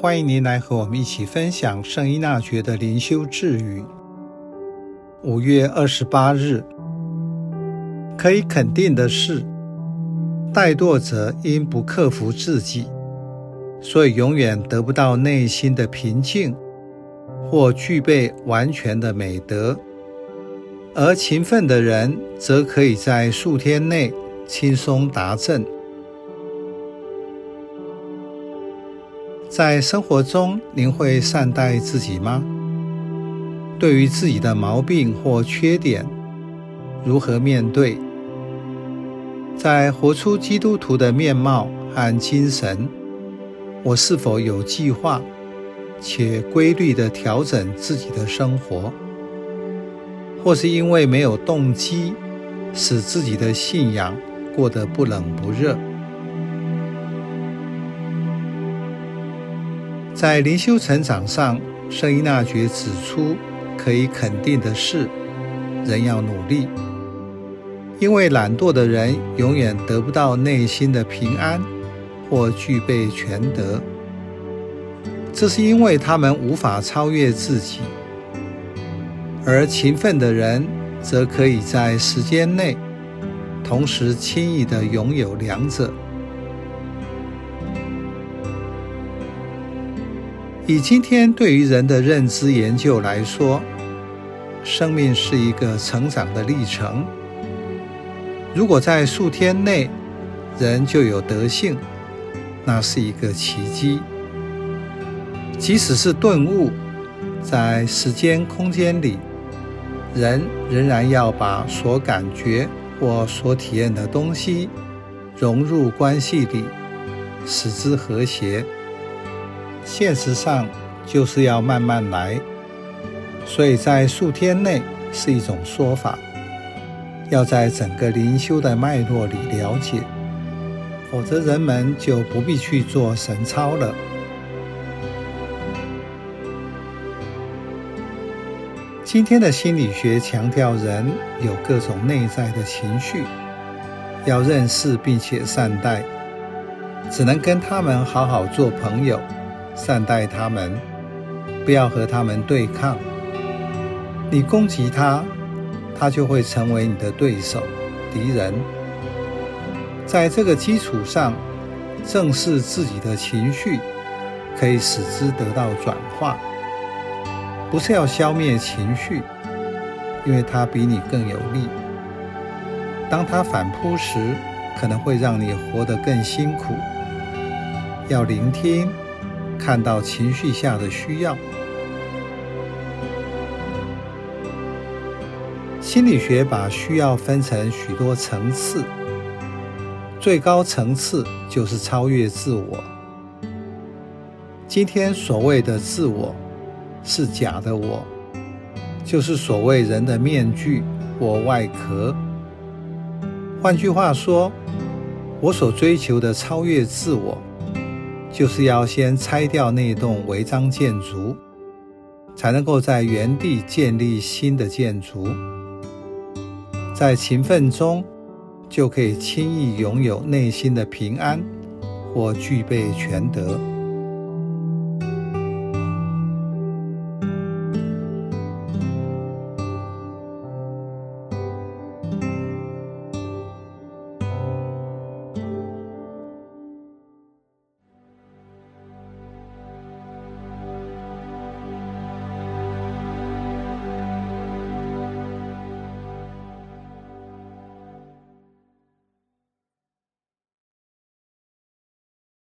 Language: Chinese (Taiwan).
歡迎您來和我們一起分享聖依納爵的靈修智語。五月二十八日，可以肯定的是，怠惰者因不克服自己，所以永遠得不到內心的平靜或具備完全的美德；而勤奮的人則可以在數天內輕鬆達陣。在生活中，您會善待自己嗎？對於自己的毛病或缺點，如何面對？在活出基督徒的面貌和精神，我是否有計劃且規律地調整自己的生活？或是因為沒有動機，使自己的信仰過得不冷不熱？在靈修成長上，聖依納爵指出，可以肯定的是，人要努力，因為懶惰的人永遠得不到內心的平安或具備全德，這是因為他們無法超越自己；而勤奮的人則可以在時間內，同時輕易地擁有兩者。以今天對於人的認知研究來說，生命是一個成長的歷程。如果在數天內，人就有德性，那是一個奇蹟。即使是頓悟，在時間空間裡，人仍然要把所感覺或所體驗的東西融入關係裡，使之和諧。現實上就是要慢慢來，所以在數天內是一種說法。要在整個靈修的脈絡裡了解，否則人們就不必去做神操了。今天的心理學強調人有各種內在的情緒，要認識並且善待，只能跟他們好好做朋友。善待他們，不要和他們對抗。你攻擊他，他就會成為你的對手、敵人。在這個基礎上，正視自己的情緒，可以使之得到轉化。不是要消滅情緒，因為它比你更有力。當他反撲時，可能會讓你活得更辛苦。要聆聽。看到情緒下的需要。心理學把需要分成許多層次，最高層次就是超越自我。今天所謂的自我是假的我，就是所謂人的面具或外殼。換句話說，我所追求的超越自我，就是要先拆掉那棟違章建築，才能夠在原地建立新的建築。在勤奮中，就可以輕易擁有內心的平安，或具備全德。